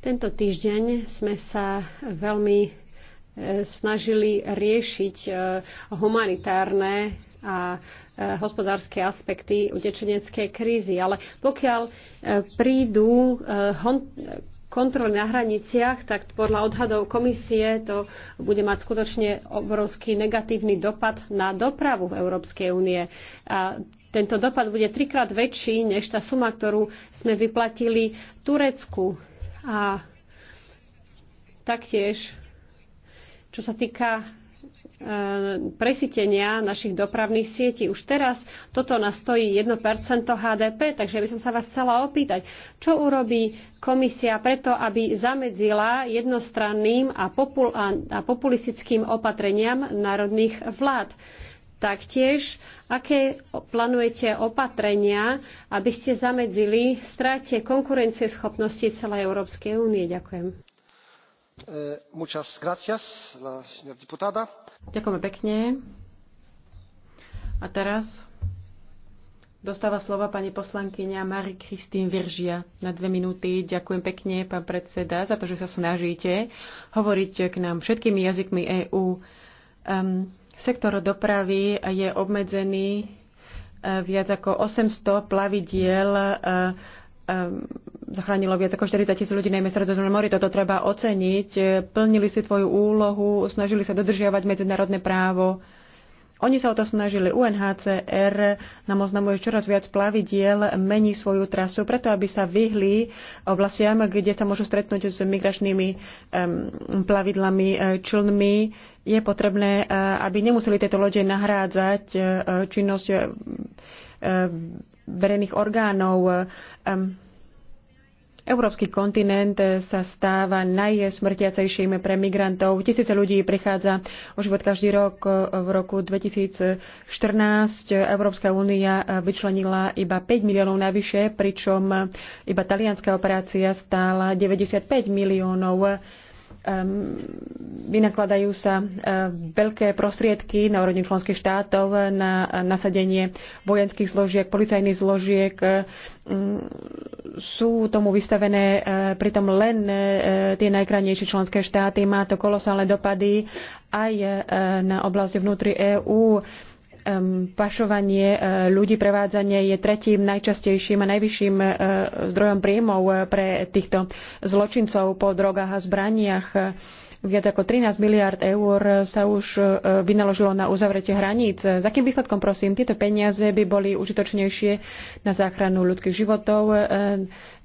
Speaker 2: tento týždeň sme sa veľmi e, snažili riešiť e, humanitárne a e, hospodárske aspekty utečeneckej krízy. Ale pokiaľ prídu kontroly na hraniciach, tak podľa odhadov komisie to bude mať skutočne obrovský negatívny dopad na dopravu v Európskej únie. A tento dopad bude trikrát väčší než tá suma, ktorú sme vyplatili Turecku. A taktiež, čo sa týka E, presítenia našich dopravných sietí. Už teraz toto nás stojí 1% HDP, takže by som sa vás chcela opýtať, čo urobí komisia preto, aby zamedzila jednostranným a, popul- a populistickým opatreniam národných vlád. Taktiež, aké plánujete opatrenia, aby ste zamedzili strate konkurencieschopnosti celej Európskej únie? Ďakujem.
Speaker 1: Eh, Ďakujeme
Speaker 3: pekne. A teraz dostáva slova pani poslankyňa Marie-Christine Viržia na dve minúty. Ďakujem pekne, pán predseda, za to, že sa snažíte hovoriť k nám všetkými jazykmi EÚ. Um, sektor dopravy je obmedzený uh, viac ako 800 plavidiel uh, Ehm, zachránilo viac ako 40 tisíc ľudí, najmä Sredozemnom mori. Toto treba oceniť. E, plnili si tvoju úlohu, snažili sa dodržiavať medzinárodné právo. Oni sa o to snažili. UNHCR nám oznamuje čoraz viac plavidiel, mení svoju trasu, preto aby sa vyhli oblastiam, kde sa môžu stretnúť s migračnými um, plavidlami, e, člnmi. Je potrebné, e, aby nemuseli tieto lode nahrádzať činnosť um, verejných orgánov. Ehm, európsky kontinent eh, sa stáva najsmrtiacejším pre migrantov. Tisíce ľudí prichádza o život každý rok. Eh, v roku 2014 Európska únia eh, vyčlenila iba 5 miliónov navyše, pričom iba talianská operácia stála 95 miliónov. Ehm, vynakladajú sa ehm, veľké prostriedky na úrovni členských štátov na nasadenie vojenských zložiek, policajných zložiek. Ehm, sú tomu vystavené pritom len tie najkrajnejšie členské štáty. Má to kolosálne dopady aj na oblasti vnútri EÚ um, pašovanie uh, ľudí, prevádzanie je tretím najčastejším a najvyšším uh, zdrojom príjmov e, pre týchto zločincov po drogách a zbraniach. Viac ako 13 miliard eur sa už vynaložilo na uzavretie hraníc. Za akým výsledkom, prosím, tieto peniaze by boli užitočnejšie na záchranu ľudských životov?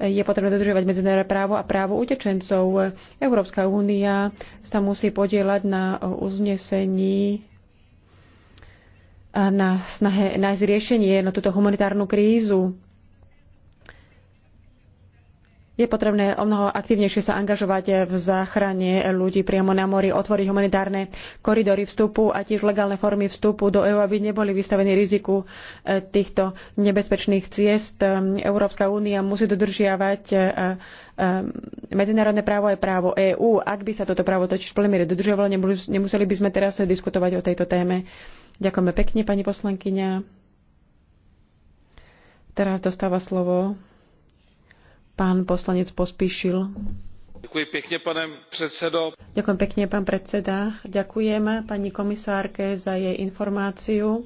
Speaker 3: Je potrebné dodržovať medzinárodné právo a právo utečencov. Európska únia sa musí podielať na uznesení na snahe nájsť riešenie na túto humanitárnu krízu. Je potrebné o mnoho aktívnejšie sa angažovať v záchrane ľudí priamo na mori, otvoriť humanitárne koridory vstupu a tiež legálne formy vstupu do EÚ, aby neboli vystavení riziku e, týchto nebezpečných ciest. E, Európska únia musí dodržiavať e, medzinárodné právo aj právo EÚ. Ak by sa toto právo totiž v plnej dodržiavalo, nemuseli by sme teraz diskutovať o tejto téme. Ďakujeme pekne, pani poslankyňa. Teraz dostáva slovo pán poslanec Pospíšil.
Speaker 1: Ďakujem pekne, pane predsedo.
Speaker 3: Ďakujem pekne, pán predseda. Ďakujem pani komisárke za jej informáciu,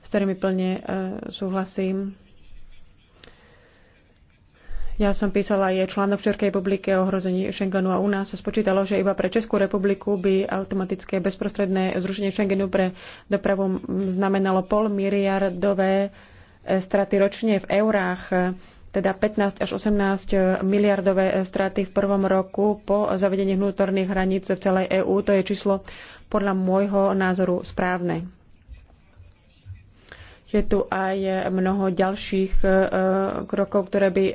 Speaker 3: s ktorými plne e, súhlasím. Ja som písala aj článok v Českej republike o ohrození Schengenu a u nás sa spočítalo, že iba pre Českú republiku by automatické bezprostredné zrušenie Schengenu pre dopravu znamenalo pol miliardové e, straty ročne v eurách teda 15 až 18 miliardové e, straty v prvom roku po zavedení vnútorných hraníc v celej EÚ. To je číslo podľa môjho názoru správne. Je tu aj mnoho ďalších e, krokov, ktoré by e,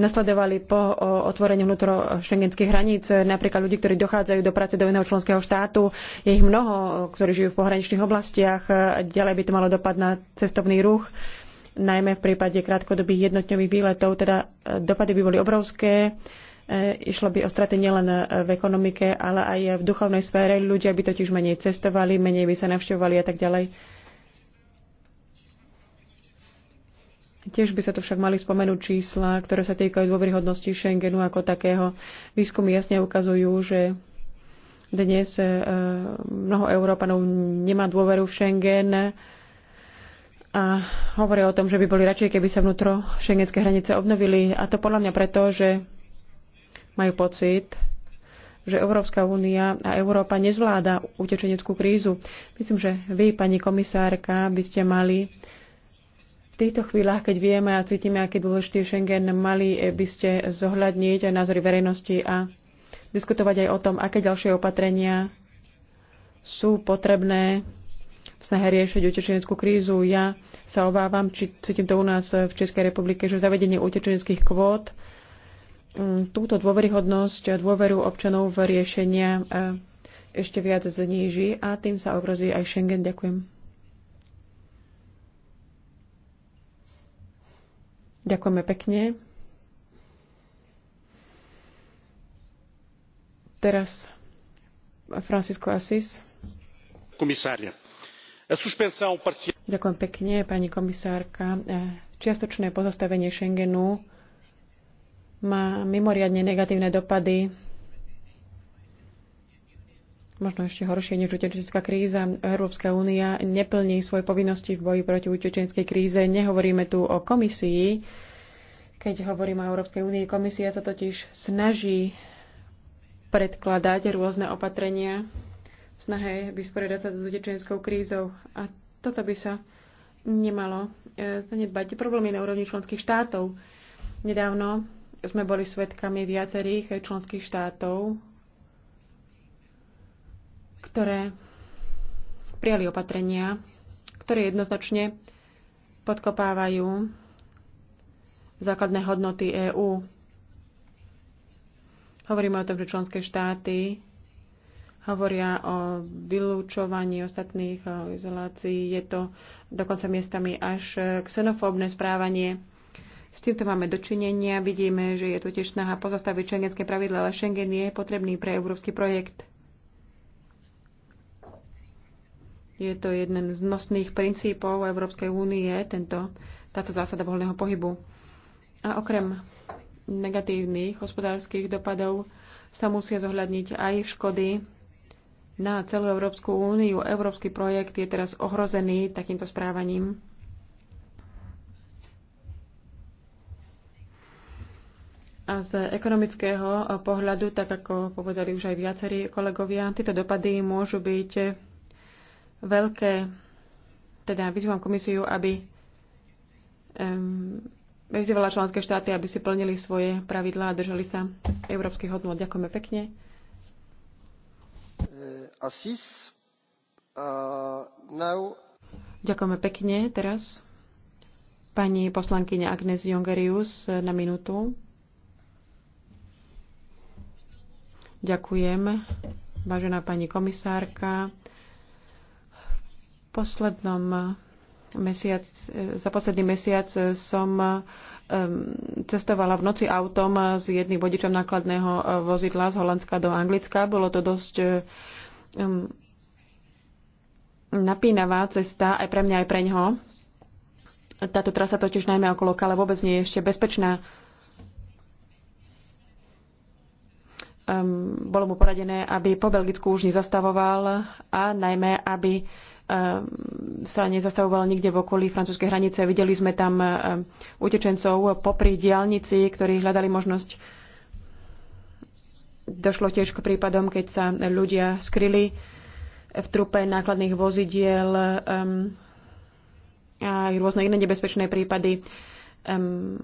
Speaker 3: nasledovali po otvorení vnútro šengenských hraníc. Napríklad ľudí, ktorí dochádzajú do práce do iného členského štátu, je ich mnoho, ktorí žijú v pohraničných oblastiach. Ďalej by to malo dopad na cestovný ruch najmä v prípade krátkodobých jednotňových výletov, teda e, dopady by boli obrovské. Išlo by o straty nielen v ekonomike, ale aj v duchovnej sfére. Ľudia by totiž menej cestovali, menej by sa navštevovali a tak ďalej. Tiež by sa tu však mali spomenúť čísla, ktoré sa týkajú dôveryhodnosti Schengenu ako takého. Výskumy jasne ukazujú, že dnes e, mnoho Európanov nemá dôveru v Schengen a hovoria o tom, že by boli radšej, keby sa vnútro šengenské hranice obnovili. A to podľa mňa preto, že majú pocit, že Európska únia a Európa nezvláda utečeneckú krízu. Myslím, že vy, pani komisárka, by ste mali v týchto chvíľach, keď vieme a cítime, aký dôležitý Schengen, mali by ste zohľadniť aj názory verejnosti a diskutovať aj o tom, aké ďalšie opatrenia sú potrebné v snahe riešiť utečeneckú krízu. Ja sa obávam, či cítim to u nás v Českej republike, že zavedenie utečeneckých kvót mm, túto dôveryhodnosť a dôveru občanov v riešenia e, ešte viac zníži a tým sa ohrozí aj Schengen. Ďakujem. Ďakujeme pekne. Teraz Francisco Assis. Komisária. Ďakujem pekne, pani komisárka. E, čiastočné pozastavenie Schengenu má mimoriadne negatívne dopady možno ešte horšie než utečenská kríza. Európska únia neplní svoje povinnosti v boji proti utečenskej kríze. Nehovoríme tu o komisii. Keď hovoríme o Európskej únii, komisia sa totiž snaží predkladať rôzne opatrenia v snahe vysporiadať sa s utečenskou krízou. A toto by sa nemalo e, zanedbať. Problémy na úrovni členských štátov. Nedávno sme boli svedkami viacerých členských štátov, ktoré prijali opatrenia, ktoré jednoznačne podkopávajú základné hodnoty EÚ. Hovoríme o tom, že členské štáty hovoria o vylúčovaní ostatných, o izolácii. Je to dokonca miestami až xenofóbne správanie. S týmto máme dočinenia. Vidíme, že je tu tiež snaha pozastaviť šengenské pravidla, ale Schengen je potrebný pre európsky projekt. Je to jeden z nosných princípov Európskej únie, tento, táto zásada voľného pohybu. A okrem negatívnych hospodárskych dopadov sa musia zohľadniť aj škody na celú Európsku úniu. Európsky projekt je teraz ohrozený takýmto správaním. A z ekonomického pohľadu, tak ako povedali už aj viacerí kolegovia, tieto dopady môžu byť veľké, teda vyzývam komisiu, aby um, vyzývala členské štáty, aby si plnili svoje pravidlá a držali sa európskych hodnot. Ďakujeme pekne.
Speaker 1: Eh, Asis. Uh, now...
Speaker 3: Ďakujeme pekne. Teraz pani poslankyňa Agnes Jongerius na minútu. Ďakujem, vážená pani komisárka poslednom eh, mesiac, eh, za posledný mesiac eh, som cestovala v noci autom s jedným vodičom nákladného vozidla z Holandska do Anglicka. Bolo to dosť napínavá cesta aj pre mňa, aj pre ňoho. Táto trasa totiž najmä okolo Kale vôbec nie je ešte bezpečná. Um, bolo mu poradené, aby po Belgicku už nezastavoval a najmä, aby uh, sa nezastavovala nikde v okolí francúzskej hranice. Videli sme tam eh, utečencov popri diálnici, ktorí hľadali možnosť. Došlo tiež k prípadom, keď sa ľudia skryli v trupe nákladných vozidiel ehm, a aj rôzne iné nebezpečné prípady. Ehm,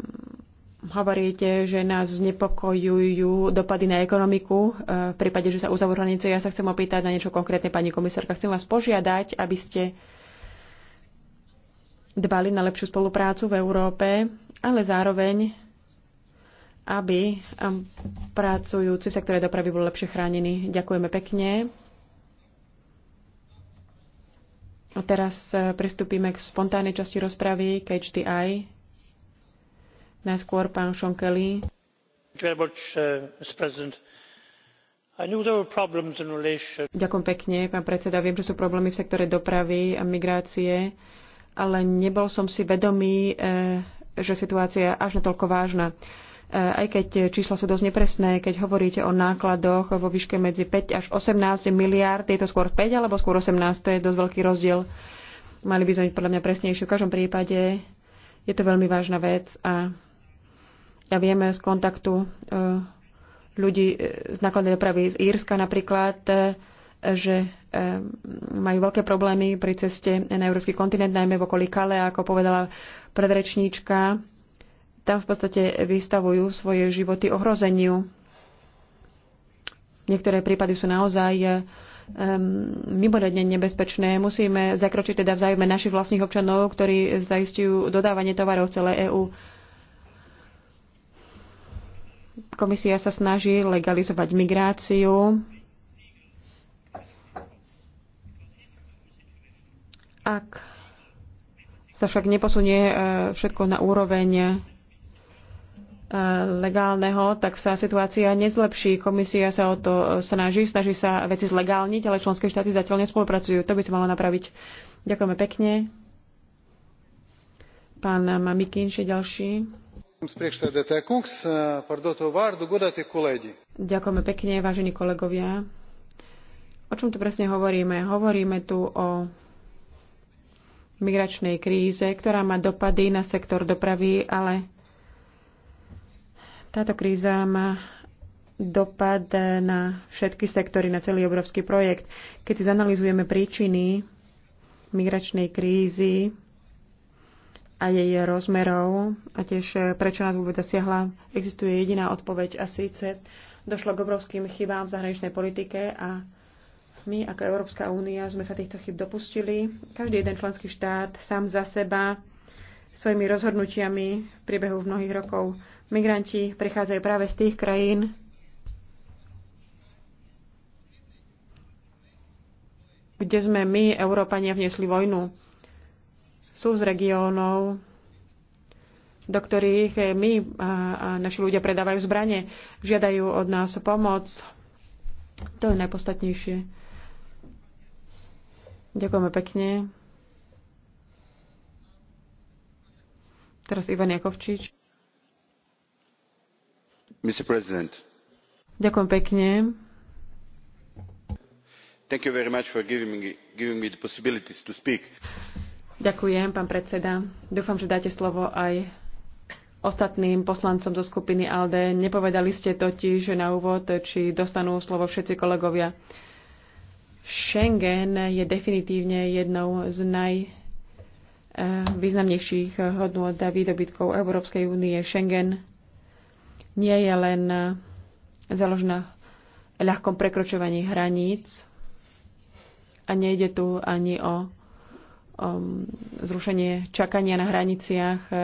Speaker 3: Hovoríte, že nás znepokojujú dopady na ekonomiku e, v prípade, že sa uzavrú hranice. Ja sa chcem opýtať na niečo konkrétne, pani komisárka. Chcem vás požiadať, aby ste dbali na lepšiu spoluprácu v Európe, ale zároveň, aby pracujúci v sektore dopravy boli lepšie chránení. Ďakujeme pekne. A teraz e, pristúpime k spontánnej časti rozpravy KHDI. Najskôr pán Sean Kelly.
Speaker 1: Uh, Ďakujem
Speaker 3: pekne, pán predseda. Viem, že sú problémy v sektore dopravy a migrácie, ale nebol som si vedomý, eh, že situácia je až natoľko vážna. Eh, aj keď čísla sú dosť nepresné, keď hovoríte o nákladoch vo výške medzi 5 až 18 miliárd, je to skôr 5 alebo skôr 18, to je dosť veľký rozdiel. Mali by sme byť podľa mňa presnejšie. V každom prípade je to veľmi vážna vec a ja vieme z kontaktu e, ľudí e, z nákladnej dopravy z Írska napríklad, e, že majú veľké problémy pri ceste na európsky kontinent, najmä v okolí Kale, ako povedala predrečníčka. Tam v podstate vystavujú svoje životy ohrozeniu. Niektoré prípady sú naozaj um, mimoriadne nebezpečné. Musíme zakročiť teda vzájme našich vlastných občanov, ktorí zaistujú dodávanie tovarov celé EÚ. Komisia sa snaží legalizovať migráciu. Ak sa však neposunie e, všetko na úroveň e, legálneho, tak sa situácia nezlepší. Komisia sa o to e, snaží, snaží sa veci zlegálniť, ale členské štáty zatiaľ nespolupracujú. To by sa malo napraviť. Ďakujeme pekne. Pán Mamikinš je ďalší. Ďakujeme pekne, vážení kolegovia. O čom tu presne hovoríme? Hovoríme tu o migračnej kríze, ktorá má dopady na sektor dopravy, ale táto kríza má dopad na všetky sektory, na celý obrovský projekt. Keď si zanalizujeme príčiny migračnej krízy, a jej rozmerov a tiež eh, prečo nás vôbec zasiahla, existuje jediná odpoveď a síce došlo k obrovským chybám v zahraničnej politike a my ako Európska únia sme sa týchto chyb dopustili. Každý jeden členský štát sám za seba svojimi rozhodnutiami v priebehu mnohých rokov. Migranti prichádzajú práve z tých krajín, kde sme my, Európania, vniesli vojnu sú z regiónov, do ktorých eh, my eh, a naši ľudia predávajú zbranie, žiadajú od nás pomoc. To je najpostatnejšie. Ďakujeme pekne. Teraz Ivan Jakovčič. Mr. President. Ďakujem pekne.
Speaker 2: Thank you very much for giving me, giving me the possibility to speak.
Speaker 3: Ďakujem, pán predseda. Dúfam, že dáte slovo aj ostatným poslancom zo skupiny ALDE. Nepovedali ste totiž na úvod, či dostanú slovo všetci kolegovia. Schengen je definitívne jednou z najvýznamnejších eh, hodnot a výdobytkov Európskej únie. Schengen nie je len eh, založená ľahkom prekročovaní hraníc a nejde tu ani o um, zrušenie čakania na hraniciach. E,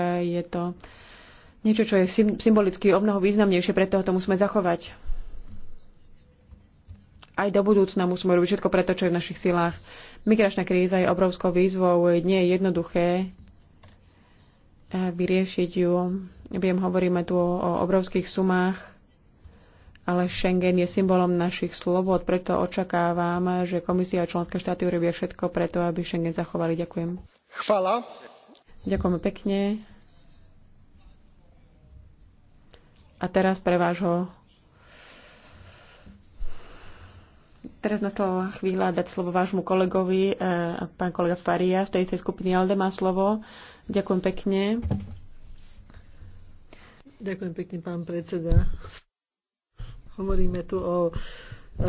Speaker 3: je to niečo, čo je symbolicky o mnoho významnejšie, preto to musíme zachovať. Aj do budúcna musíme robiť všetko preto, čo je v našich silách. Migračná kríza je obrovskou výzvou, nie je jednoduché e, vyriešiť ju. Viem, hovoríme tu o obrovských sumách ale Schengen je symbolom našich slobod, preto očakávam, že komisia a členské štáty urobia všetko preto, aby Schengen zachovali. Ďakujem. Chvala. Ďakujem pekne. A teraz pre vášho Teraz nastala chvíľa dať slovo vášmu kolegovi, eh, pán kolega Faria z tej skupiny ALDE má slovo. Ďakujem pekne.
Speaker 1: Ďakujem pekne, pán predseda. Hovoríme tu o e,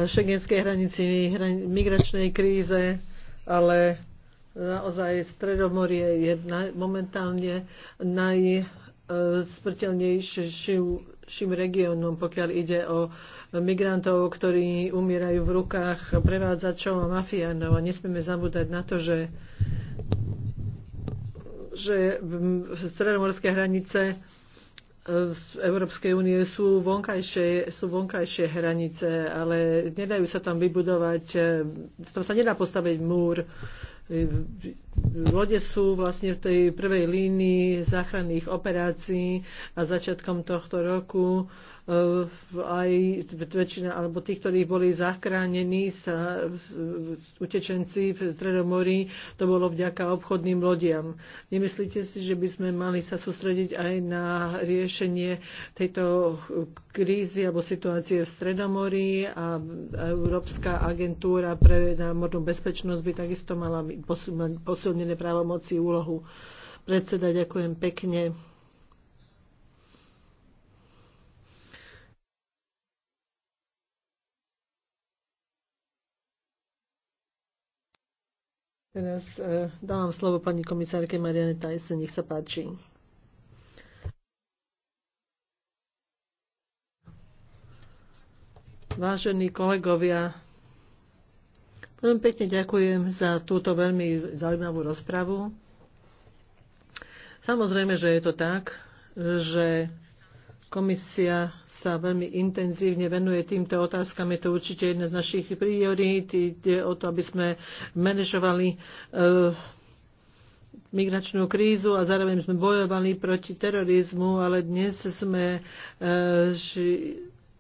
Speaker 1: šengenskej hranici, migračnej kríze, ale naozaj Stredomorie je momentálne najsmrteľnejším regiónom, pokiaľ ide o migrantov, ktorí umierajú v rukách prevádzačov a mafiánov. A nesmieme zabúdať na to, že, že stredomorské hranice z Európskej únie sú vonkajšie, sú vonkajšie hranice, ale nedajú sa tam vybudovať, e, tam sa nedá postaviť múr e, Lode sú vlastne v tej prvej línii záchranných operácií a začiatkom tohto roku eh, aj väčšina, alebo tí, ktorí boli zachránení sa eh, utečenci v Tredomorí, to bolo vďaka obchodným lodiam. Nemyslíte si, že by sme mali sa sústrediť aj na riešenie tejto krízy alebo situácie v Stredomorí a Európska agentúra pre námornú bezpečnosť by takisto mala posilniť posilnené právomoci úlohu predseda. Ďakujem pekne. Teraz e, dávam slovo pani komisárke Mariane Tajse, nech sa páči. Vážení kolegovia, Veľmi pekne ďakujem za túto veľmi zaujímavú rozpravu. Samozrejme, že je to tak, že Komisia sa veľmi intenzívne venuje týmto otázkam. Je to určite jedna z našich priorít. Ide o to, aby sme manažovali e, migračnú krízu a zároveň sme bojovali proti terorizmu, ale dnes sme e,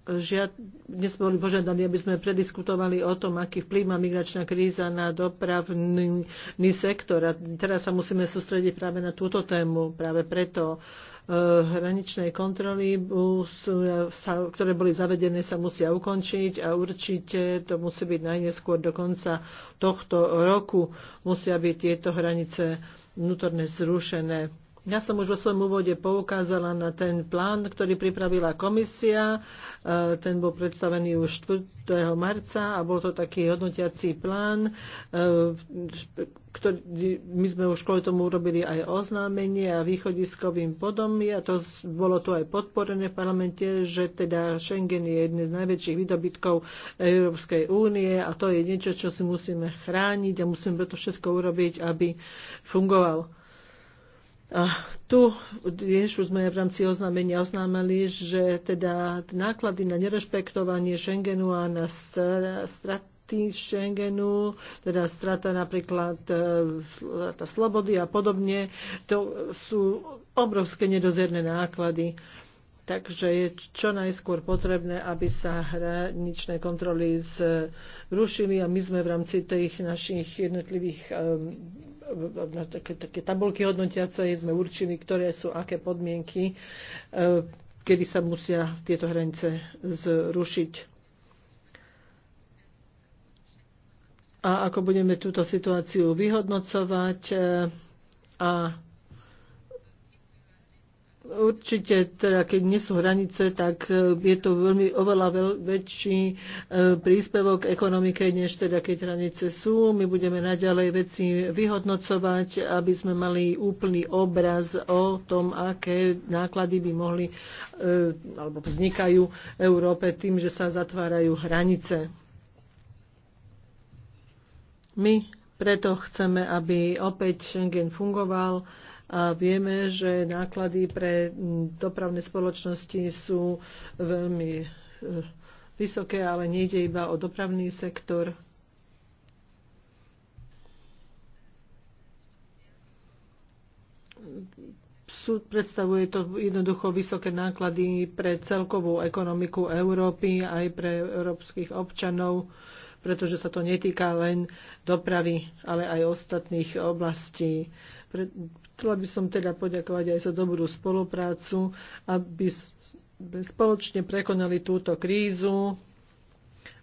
Speaker 1: žiad, dnes boli požiadaní, aby sme prediskutovali o tom, aký vplyv má migračná kríza na dopravný sektor. A teraz sa musíme sústrediť práve na túto tému. Práve preto e, hraničné kontroly, e, ktoré boli zavedené, sa musia ukončiť a určite to musí byť najneskôr do konca tohto roku. Musia byť tieto hranice vnútorne zrušené ja som už vo svojom úvode poukázala na ten plán, ktorý pripravila komisia. E, ten bol predstavený už 4. marca a bol to taký hodnotiací plán, e, ktorý, my sme už kvôli tomu urobili aj oznámenie a východiskovým podom. a to bolo tu aj podporené v parlamente, že teda Schengen je jedný z najväčších výdobytkov Európskej únie a to je niečo, čo si musíme chrániť a musíme to všetko urobiť, aby fungoval. A tu tiež už sme v rámci oznámenia oznámili, že teda náklady na nerešpektovanie Schengenu a na straty Schengenu, teda strata napríklad e, strata slobody a podobne, to sú obrovské nedozerné náklady. Takže je čo najskôr potrebné, aby sa hraničné kontroly zrušili a my sme v rámci tých našich jednotlivých na také, také tabulky hodnotiace sme určili, ktoré sú aké podmienky, kedy sa musia tieto hranice zrušiť. A ako budeme túto situáciu vyhodnocovať a Určite, teda keď nie sú hranice, tak e, je to veľmi oveľa veľ, väčší e, príspevok ekonomike, než teda keď hranice sú. My budeme naďalej veci vyhodnocovať, aby sme mali úplný obraz o tom, aké náklady by mohli e, alebo vznikajú Európe tým, že sa zatvárajú hranice. My preto chceme, aby opäť Schengen fungoval a vieme, že náklady pre dopravné spoločnosti sú veľmi e, vysoké, ale nejde iba o dopravný sektor. predstavuje to jednoducho vysoké náklady pre celkovú ekonomiku Európy aj pre európskych občanov, pretože sa to netýka len dopravy, ale aj ostatných oblastí. Chcela by som teda poďakovať aj za dobrú spoluprácu, aby sme spoločne prekonali túto krízu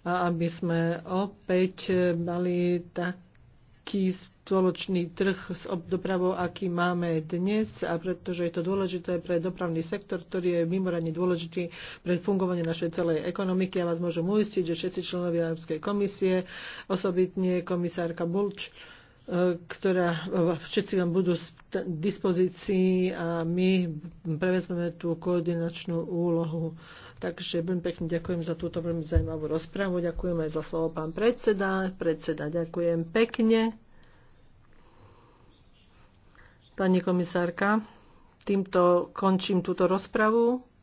Speaker 1: a aby sme opäť mali taký spoločný trh s dopravou, aký máme dnes a pretože je to dôležité pre dopravný sektor, ktorý je mimoriadne dôležitý pre fungovanie našej celej ekonomiky. Ja vás môžem uistiť, že všetci členovia Európskej komisie, osobitne komisárka Bulč, E, ktorá e, všetci vám budú k dispozícii a my prevezmeme tú koordinačnú úlohu. Takže veľmi pekne ďakujem za túto veľmi zaujímavú rozprávu. Ďakujem aj za slovo pán predseda. Predseda, ďakujem pekne. Pani komisárka, týmto končím túto rozpravu.